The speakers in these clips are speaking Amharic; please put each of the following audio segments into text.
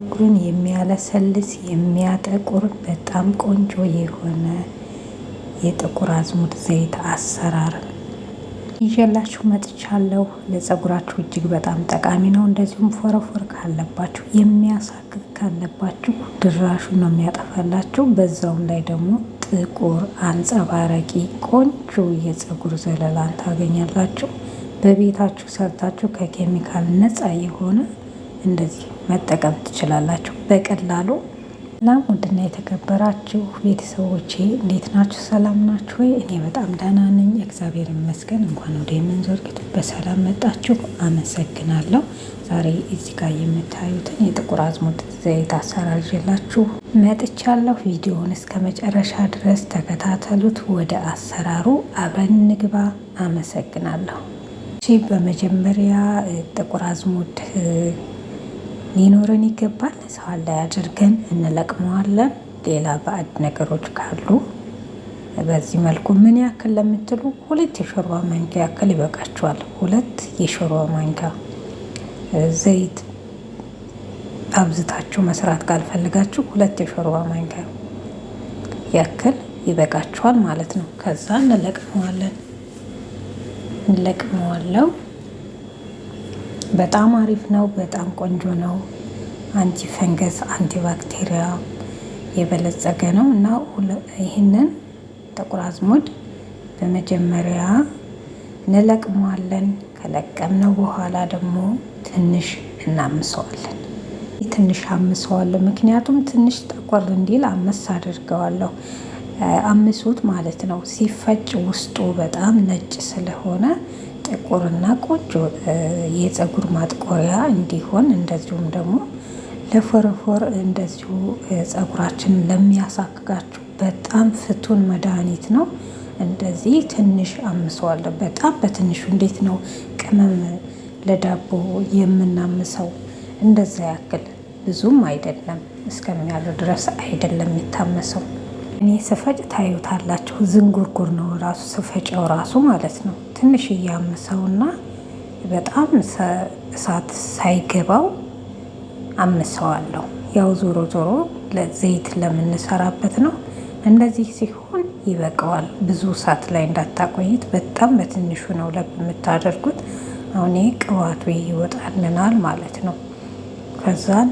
ጸጉሩን የሚያለሰልስ የሚያጠቁር በጣም ቆንጆ የሆነ የጥቁር አዝሙድ ዘይት አሰራር ይዤላችሁ መጥቻለሁ። ለጸጉራችሁ እጅግ በጣም ጠቃሚ ነው። እንደዚሁም ፎረፎር ካለባችሁ የሚያሳክክ ካለባችሁ ድራሹ ነው የሚያጠፋላችሁ። በዛውም ላይ ደግሞ ጥቁር አንጸባራቂ ቆንጆ የጸጉር ዘለላን ታገኛላችሁ። በቤታችሁ ሰርታችሁ ከኬሚካል ነፃ የሆነ እንደዚህ መጠቀም ትችላላችሁ በቀላሉ። ሰላም ውድና የተከበራችሁ ቤተሰቦቼ እንዴት ናችሁ? ሰላም ናችሁ ወይ? እኔ በጣም ደህና ነኝ፣ እግዚአብሔር ይመስገን። እንኳን ወደ የምንዞር በሰላም መጣችሁ፣ አመሰግናለሁ። ዛሬ እዚህ ጋር የምታዩትን የጥቁር አዝሙድ ዘይት አሰራር ይዤላችሁ መጥቻለሁ። ቪዲዮውን እስከ መጨረሻ ድረስ ተከታተሉት። ወደ አሰራሩ አብረን እንግባ። አመሰግናለሁ። በመጀመሪያ ጥቁር አዝሙድ ሊኖረን ይገባል። ሰው ላይ አድርገን እንለቅመዋለን። ሌላ ባዕድ ነገሮች ካሉ በዚህ መልኩ ምን ያክል ለምትሉ ሁለት የሾርባ ማንኪያ ያክል ይበቃችኋል። ሁለት የሾርባ ማንኪያ ዘይት አብዝታችሁ መስራት ካልፈልጋችሁ ሁለት የሾርባ ማንኪያ ያክል ይበቃችኋል ማለት ነው። ከዛ እንለቅመዋለን እንለቅመዋለው በጣም አሪፍ ነው። በጣም ቆንጆ ነው። አንቲ ፈንገስ፣ አንቲ ባክቴሪያ የበለጸገ ነው እና ይህንን ጥቁር አዝሙድ በመጀመሪያ እንለቅመዋለን። ከለቀምነው በኋላ ደግሞ ትንሽ እናምሰዋለን። ትንሽ አምሰዋለሁ፣ ምክንያቱም ትንሽ ጠቆር እንዲል አመስ አድርገዋለሁ። አምሱት ማለት ነው። ሲፈጭ ውስጡ በጣም ነጭ ስለሆነ ጥቁርና ቆንጆ የፀጉር ማጥቆሪያ እንዲሆን እንደዚሁም ደግሞ ለፎረፎር እንደዚሁ ፀጉራችን ለሚያሳክጋችሁ በጣም ፍቱን መድኃኒት ነው። እንደዚህ ትንሽ አምሰዋለሁ። በጣም በትንሹ እንዴት ነው ቅመም ለዳቦ የምናምሰው? እንደዛ ያክል ብዙም አይደለም፣ እስከሚያሉ ድረስ አይደለም የሚታመሰው። እኔ ስፈጭ ታዩታላችሁ። ዝንጉርጉር ነው ራሱ ስፈጨው ራሱ ማለት ነው። ትንሽ እያመሰውና በጣም እሳት ሳይገባው አምሰዋለሁ። ያው ዞሮ ዞሮ ዘይት ለምንሰራበት ነው። እንደዚህ ሲሆን ይበቀዋል ብዙ እሳት ላይ እንዳታቆይት፣ በጣም በትንሹ ነው ለብ የምታደርጉት። አሁን ቅባቱ ይወጣልናል ማለት ነው። ከዛን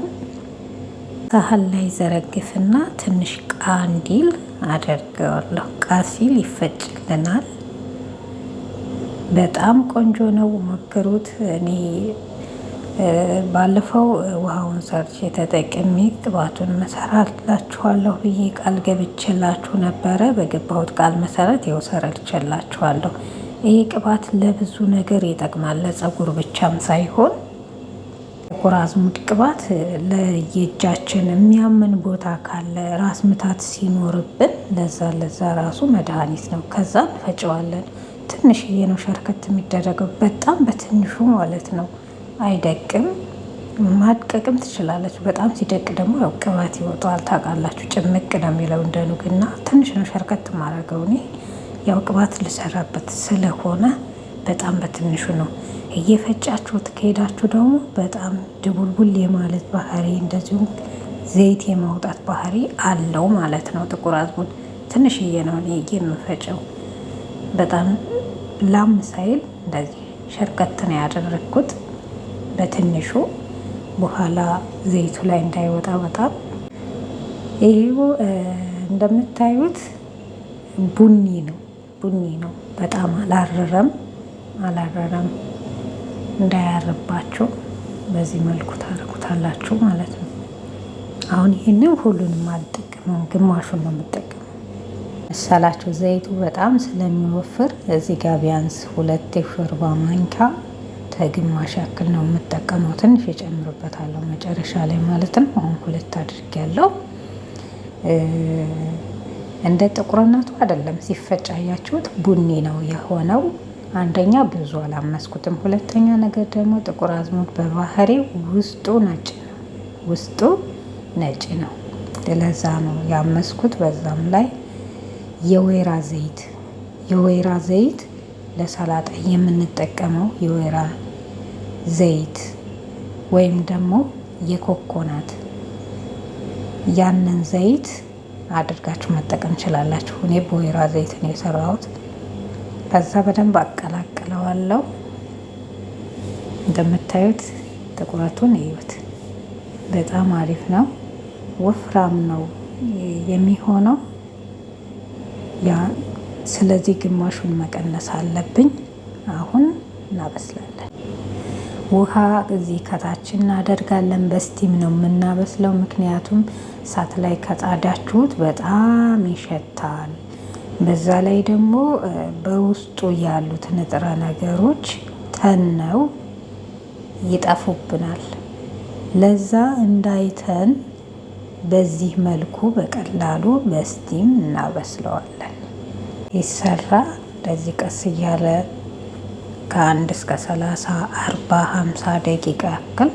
ሳህን ላይ ዘረግፍና ትንሽ ቃ እንዲል አደርገዋለሁ። ቃ ሲል ይፈጭልናል። በጣም ቆንጆ ነው፣ ሞክሩት። እኔ ባለፈው ውሃውን ሰርቼ ተጠቅሜ ቅባቱን መሰራላችኋለሁ ብዬ ቃል ገብቼላችሁ ነበረ። በገባሁት ቃል መሰረት ይኸው ሰርቼላችኋለሁ። ይህ ቅባት ለብዙ ነገር ይጠቅማል። ለፀጉር ብቻም ሳይሆን ጥቁር አዝሙድ ቅባት ለየእጃችን የሚያምን ቦታ ካለ ራስ ምታት ሲኖርብን ለዛ ለዛ ራሱ መድኃኒት ነው። ከዛ እንፈጨዋለን። ትንሽዬ ነው ሸርከት የሚደረገው በጣም በትንሹ ማለት ነው። አይደቅም። ማድቀቅም ትችላለች በጣም ሲደቅ ደግሞ ያው ቅባት ይወጣዋል ታውቃላችሁ። ጭምቅ ነው የሚለው እንደ ኑግ እና ትንሽ ነው ሸርከት ማድረገው እኔ ያው ቅባት ልሰራበት ስለሆነ በጣም በትንሹ ነው። እየፈጫችሁት ከሄዳችሁ ደግሞ በጣም ድቡልቡል የማለት ባህሪ እንደዚሁም ዘይት የማውጣት ባህሪ አለው ማለት ነው። ጥቁር አዝሙድ ትንሽዬ ነው እኔ የምፈጨው በጣም ላም ሳይል እንደዚህ ሸርከትን ያደረግኩት በትንሹ በኋላ ዘይቱ ላይ እንዳይወጣ በጣም ይሄው እንደምታዩት ቡኒ ነው ቡኒ ነው በጣም አላረረም አላረረም እንዳያርባቸው በዚህ መልኩ ታረጉታላችሁ ማለት ነው አሁን ይህንን ሁሉንም አልጠቀመውም ግማሹን ነው የምጠቀመው መሰላችሁ። ዘይቱ በጣም ስለሚወፍር እዚህ ጋር ቢያንስ ሁለት የሾርባ ማንኪያ ተግማሽ ያክል ነው የምጠቀመው። ትንሽ እጨምርበታለሁ መጨረሻ ላይ ማለት ነው። አሁን ሁለት አድርጌያለሁ። እንደ ጥቁርነቱ አይደለም፣ ሲፈጭ አያችሁት ቡኒ ነው የሆነው። አንደኛ ብዙ አላመስኩትም፣ ሁለተኛ ነገር ደግሞ ጥቁር አዝሙድ በባህሪው ውስጡ ነጭ ነው፣ ውስጡ ነጭ ነው። ለዛ ነው ያመስኩት በዛም ላይ የወይራ ዘይት የወይራ ዘይት ለሰላጣ የምንጠቀመው የወይራ ዘይት ወይም ደግሞ የኮኮናት ያንን ዘይት አድርጋችሁ መጠቀም ትችላላችሁ። እኔ በወይራ ዘይት ነው የሰራሁት። ከዛ በደንብ አቀላቅለዋለሁ። እንደምታዩት ጥቁረቱን እዩት። በጣም አሪፍ ነው፣ ወፍራም ነው የሚሆነው ያ ስለዚህ ግማሹን መቀነስ አለብኝ። አሁን እናበስላለን። ውሃ እዚህ ከታች እናደርጋለን። በስቲም ነው የምናበስለው፣ ምክንያቱም እሳት ላይ ከጣዳችሁት በጣም ይሸታል። በዛ ላይ ደግሞ በውስጡ ያሉት ንጥረ ነገሮች ተነው ይጠፉብናል። ለዛ እንዳይተን በዚህ መልኩ በቀላሉ በስቲም እናበስለዋለን። ይሰራ እንደዚህ ቀስ እያለ ከአንድ እስከ ሰላሳ አርባ ሀምሳ ደቂቃ ያክል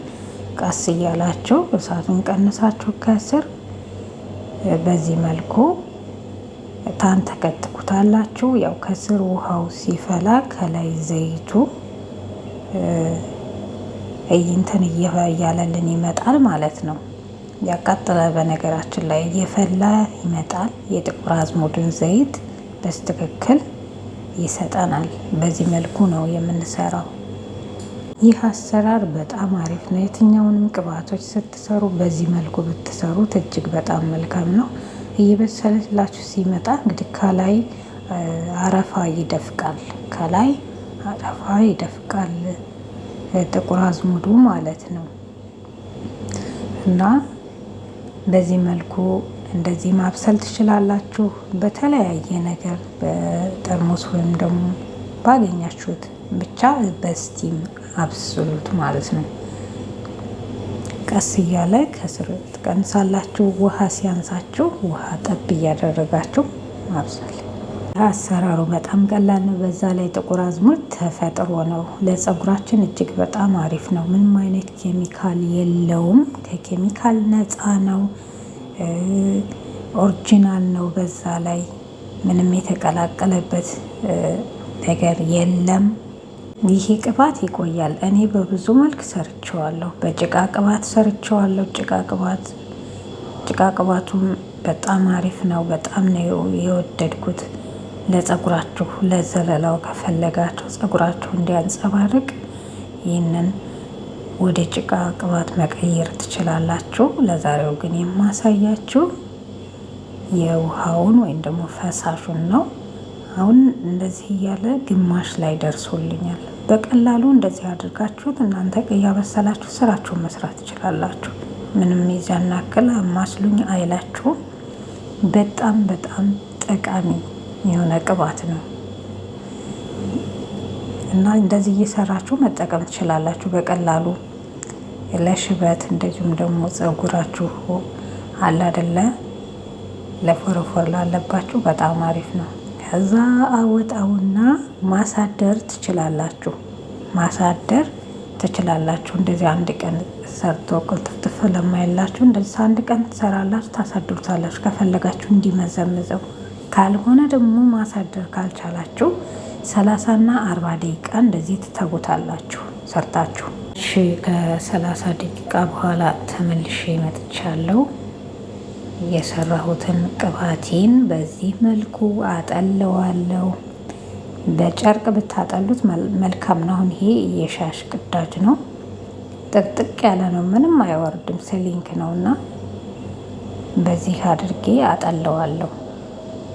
ቀስ እያላችሁ እሳቱን ቀንሳችሁ ከስር በዚህ መልኩ ታን ተከትኩታላችሁ። ያው ከስር ውሃው ሲፈላ ከላይ ዘይቱ እይንትን እያለልን ይመጣል ማለት ነው። ያቃጠለ በነገራችን ላይ እየፈላ ይመጣል። የጥቁር አዝሙድን ዘይት በስትክክል ይሰጠናል። በዚህ መልኩ ነው የምንሰራው። ይህ አሰራር በጣም አሪፍ ነው። የትኛውንም ቅባቶች ስትሰሩ በዚህ መልኩ ብትሰሩት እጅግ በጣም መልካም ነው። እየበሰለላችሁ ሲመጣ እንግዲህ ከላይ አረፋ ይደፍቃል፣ ከላይ አረፋ ይደፍቃል ጥቁር አዝሙዱ ማለት ነው እና በዚህ መልኩ እንደዚህ ማብሰል ትችላላችሁ። በተለያየ ነገር በጠርሙስ ወይም ደግሞ ባገኛችሁት ብቻ በስቲም አብስሉት ማለት ነው። ቀስ እያለ ከስር ትቀንሳላችሁ። ውሃ ሲያንሳችሁ ውሃ ጠብ እያደረጋችሁ ማብሰል አሰራሩ በጣም ቀላል ነው። በዛ ላይ ጥቁር አዝሙድ ተፈጥሮ ነው። ለፀጉራችን እጅግ በጣም አሪፍ ነው። ምንም አይነት ኬሚካል የለውም። ከኬሚካል ነፃ ነው። ኦሪጂናል ነው። በዛ ላይ ምንም የተቀላቀለበት ነገር የለም። ይሄ ቅባት ይቆያል። እኔ በብዙ መልክ ሰርቸዋለሁ። በጭቃ ቅባት ሰርቸዋለሁ። ጭቃ ቅባት ጭቃ ቅባቱም በጣም አሪፍ ነው። በጣም ነው የወደድኩት። ለጸጉራችሁ ለዘለላው ከፈለጋችሁ ጸጉራችሁ እንዲያንጸባርቅ ይህንን ወደ ጭቃ ቅባት መቀየር ትችላላችሁ። ለዛሬው ግን የማሳያችሁ የውሃውን ወይም ደግሞ ፈሳሹን ነው። አሁን እንደዚህ እያለ ግማሽ ላይ ደርሶልኛል። በቀላሉ እንደዚህ አድርጋችሁት እናንተ እያበሰላችሁ ስራችሁን መስራት ትችላላችሁ። ምንም የዚያን አማስሉኝ አይላችሁም። በጣም በጣም ጠቃሚ የሆነ ቅባት ነው እና እንደዚህ እየሰራችሁ መጠቀም ትችላላችሁ በቀላሉ ለሽበት እንደዚሁም ደግሞ ፀጉራችሁ አለ አደለ ለፎረፎር ላለባችሁ በጣም አሪፍ ነው። ከዛ አወጣውና ማሳደር ትችላላችሁ ማሳደር ትችላላችሁ። እንደዚህ አንድ ቀን ሰርቶ ቅልጥፍጥፍ ለማይላችሁ እንደዚህ አንድ ቀን ትሰራላችሁ፣ ታሳድሩታላችሁ ከፈለጋችሁ እንዲመዘምዘው ካልሆነ ደግሞ ማሳደር ካልቻላችሁ ሰላሳና አርባ ደቂቃ እንደዚህ ትተጉታላችሁ ሰርታችሁ። እሺ ከሰላሳ ደቂቃ በኋላ ተመልሼ መጥቻለሁ። የሰራሁትን ቅባቴን በዚህ መልኩ አጠለዋለሁ። በጨርቅ ብታጠሉት መልካም ነው። አሁን ይሄ የሻሽ ቅዳጅ ነው። ጥቅጥቅ ያለ ነው፣ ምንም አይወርድም። ስሊንክ ነው እና በዚህ አድርጌ አጠለዋለሁ።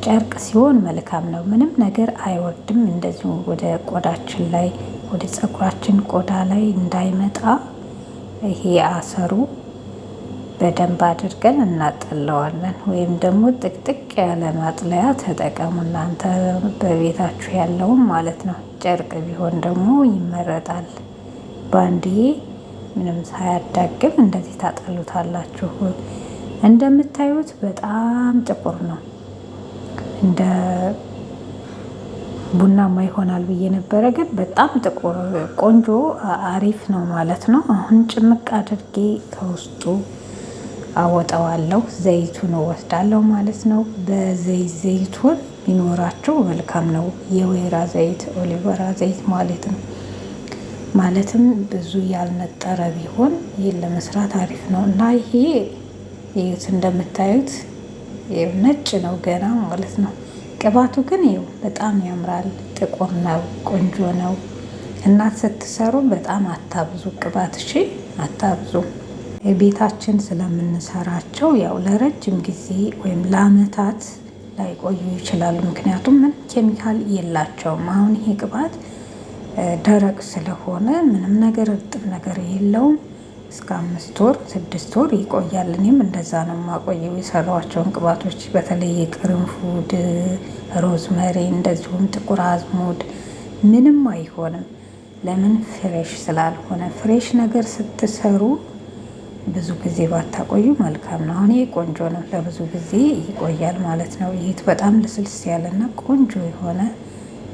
ጨርቅ ሲሆን መልካም ነው። ምንም ነገር አይወርድም። እንደዚሁ ወደ ቆዳችን ላይ ወደ ፀጉራችን ቆዳ ላይ እንዳይመጣ ይሄ አሰሩ በደንብ አድርገን እናጠለዋለን። ወይም ደግሞ ጥቅጥቅ ያለ ማጥለያ ተጠቀሙ እናንተ በቤታችሁ ያለውም ማለት ነው። ጨርቅ ቢሆን ደግሞ ይመረጣል። በአንድዬ ምንም ሳያዳግም እንደዚህ ታጠሉታላችሁ። እንደምታዩት በጣም ጥቁር ነው። እንደ ቡናማ ይሆናል ብዬ ነበረ፣ ግን በጣም ጥቁር ቆንጆ አሪፍ ነው ማለት ነው። አሁን ጭምቅ አድርጌ ከውስጡ አወጣዋለሁ። ዘይቱን ወስዳለው ማለት ነው። በዘይት ዘይቱን ቢኖራቸው መልካም ነው። የወይራ ዘይት፣ ኦሊቨራ ዘይት ማለት ነው። ማለትም ብዙ ያልነጠረ ቢሆን ይህ ለመስራት አሪፍ ነው እና ይሄ ይዩት እንደምታዩት ይኸው ነጭ ነው ገና ማለት ነው። ቅባቱ ግን ይኸው በጣም ያምራል። ጥቁር ነው፣ ቆንጆ ነው። እናት ስትሰሩ በጣም አታብዙ ቅባት፣ እሺ አታብዙ። ቤታችን ስለምንሰራቸው ያው ለረጅም ጊዜ ወይም ለአመታት ላይቆዩ ይችላሉ። ምክንያቱም ምንም ኬሚካል የላቸውም። አሁን ይሄ ቅባት ደረቅ ስለሆነ ምንም ነገር እርጥብ ነገር የለውም። እስከ አምስት ወር ስድስት ወር ይቆያል። እኔም እንደዛ ነው ማቆየው። የሰራኋቸውን ቅባቶች በተለይ የቅርንፉድ፣ ሮዝመሪ እንደዚሁም ጥቁር አዝሙድ ምንም አይሆንም። ለምን ፍሬሽ ስላልሆነ። ፍሬሽ ነገር ስትሰሩ ብዙ ጊዜ ባታቆዩ መልካም ነው። አሁን ይሄ ቆንጆ ነው፣ ለብዙ ጊዜ ይቆያል ማለት ነው። ይህ በጣም ልስልስ ያለና ቆንጆ የሆነ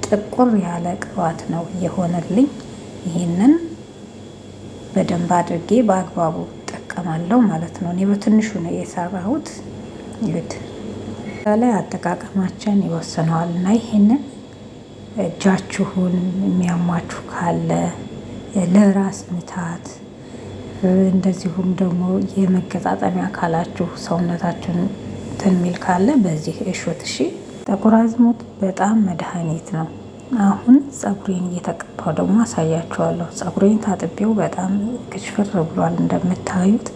ጥቁር ያለ ቅባት ነው የሆነልኝ ይህንን በደንብ አድርጌ በአግባቡ እጠቀማለሁ ማለት ነው። እኔ በትንሹ ነው የሰራሁት። ይሁት ላይ አጠቃቀማችን ይወስነዋል እና ይሄንን እጃችሁን የሚያሟችሁ ካለ ለራስ ምታት እንደዚሁም ደግሞ የመገጣጠሚያ አካላችሁ ሰውነታችሁን ትንሚል ካለ በዚህ እሾት እሺ። ጥቁር አዝሙድ በጣም መድኃኒት ነው። አሁን ፀጉሬን እየተቀባው ደግሞ አሳያችኋለሁ። ፀጉሬን ታጥቤው በጣም ክሽፍር ብሏል እንደምታዩት።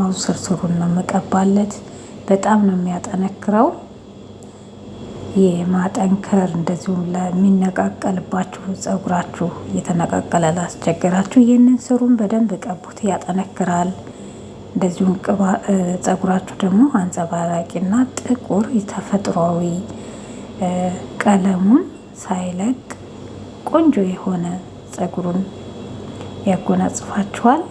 አሁን ስርስሩን ነው የምቀባለት። በጣም ነው የሚያጠነክረው። የማጠንከር እንደዚሁም ለሚነቃቀልባችሁ ፀጉራችሁ እየተነቃቀለ ላስቸገራችሁ ይህንን ስሩን በደንብ ቀቡት፣ ያጠነክራል። እንደዚሁም ፀጉራችሁ ደግሞ አንጸባራቂና ጥቁር ተፈጥሯዊ ቀለሙን ሳይለቅ ቆንጆ የሆነ ጸጉሩን ያጎናጽፋችኋል።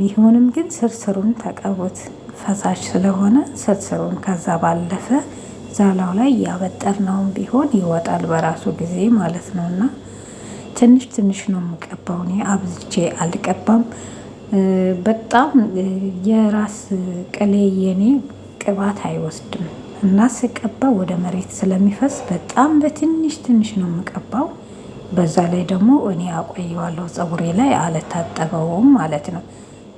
ቢሆንም ግን ስርስሩን ተቀቡት፣ ፈሳሽ ስለሆነ ስርስሩን። ከዛ ባለፈ ዛላው ላይ እያበጠር ያበጠርነውም ቢሆን ይወጣል በራሱ ጊዜ ማለት ነው። እና ትንሽ ትንሽ ነው የምቀባው እኔ አብዝቼ አልቀባም። በጣም የራስ ቅሌ የኔ ቅባት አይወስድም። እና ስቀባ ወደ መሬት ስለሚፈስ በጣም በትንሽ ትንሽ ነው የምቀባው። በዛ ላይ ደግሞ እኔ አቆየዋለሁ ፀጉሬ ላይ አልታጠበውም ማለት ነው።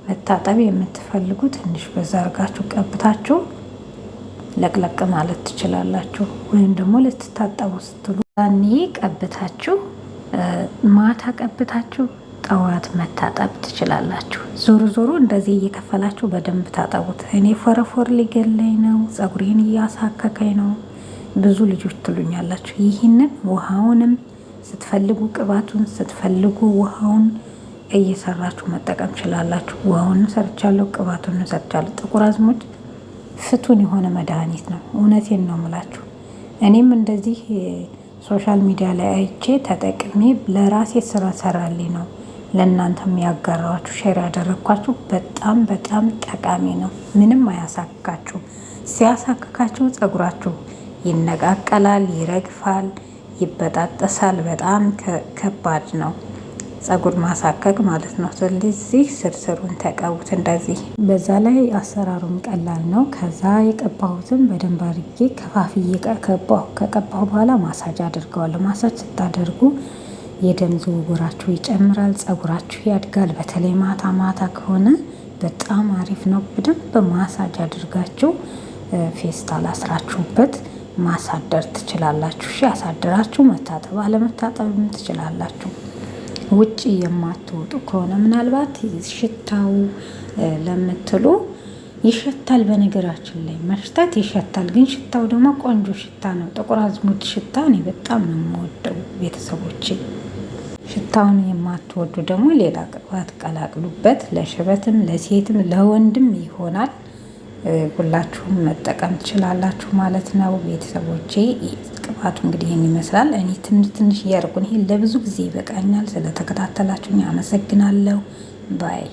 መታጠብ የምትፈልጉ ትንሽ በዛ አርጋችሁ ቀብታችሁ ለቅለቅ ማለት ትችላላችሁ። ወይም ደግሞ ልትታጠቡ ስትሉ ያኔ ቀብታችሁ ማታ ቀብታችሁ ጠዋት መታጠብ ትችላላችሁ። ዞሮ ዞሮ እንደዚህ እየከፈላችሁ በደንብ ታጠቡት። እኔ ፎረፎር ሊገለኝ ነው፣ ጸጉሬን እያሳከከኝ ነው ብዙ ልጆች ትሉኛላችሁ። ይህንን ውሃውንም ስትፈልጉ ቅባቱን ስትፈልጉ ውሃውን እየሰራችሁ መጠቀም ችላላችሁ። ውሃውን ሰርቻለሁ፣ ቅባቱን ሰርቻለሁ። ጥቁር አዝሙድ ፍቱን የሆነ መድኃኒት ነው። እውነቴን ነው ምላችሁ። እኔም እንደዚህ ሶሻል ሚዲያ ላይ አይቼ ተጠቅሜ ለራሴ ስራ ሰራልኝ ነው ለእናንተ ያጋራችሁ ሼር ያደረግኳችሁ በጣም በጣም ጠቃሚ ነው። ምንም አያሳክካችሁም። ሲያሳክካችሁ ጸጉራችሁ ይነቃቀላል፣ ይረግፋል፣ ይበጣጠሳል። በጣም ከባድ ነው ጸጉር ማሳከክ ማለት ነው። ስለዚህ ስርስሩን ተቀቡት እንደዚህ። በዛ ላይ አሰራሩም ቀላል ነው። ከዛ የቀባሁትን በደንብ አድርጌ ከፋፍዬ ከቀባሁ በኋላ ማሳጅ አድርገዋለሁ። ማሳጅ ስታደርጉ የደም ዝውውራችሁ ይጨምራል፣ ጸጉራችሁ ያድጋል። በተለይ ማታ ማታ ከሆነ በጣም አሪፍ ነው። በደንብ ማሳጅ አድርጋችሁ ፌስታል አስራችሁበት ማሳደር ትችላላችሁ። እሺ አሳደራችሁ መታጠብ አለመታጠብም ትችላላችሁ። ውጭ የማትወጡ ከሆነ ምናልባት ሽታው ለምትሉ ይሸታል። በነገራችን ላይ መሽታት ይሸታል፣ ግን ሽታው ደግሞ ቆንጆ ሽታ ነው። ጥቁር አዝሙድ ሽታ እኔ በጣም ነው የምወደው ቤተሰቦቼ ሽታውን የማትወዱ ደግሞ ሌላ ቅባት ቀላቅሉበት። ለሽበትም ለሴትም ለወንድም ይሆናል። ሁላችሁም መጠቀም ትችላላችሁ ማለት ነው ቤተሰቦቼ። ቅባቱ እንግዲህ ይህን ይመስላል። እኔ ትንሽ ትንሽ እያደረኩ ይሄ ለብዙ ጊዜ ይበቃኛል። ስለተከታተላችሁኝ አመሰግናለሁ ባይ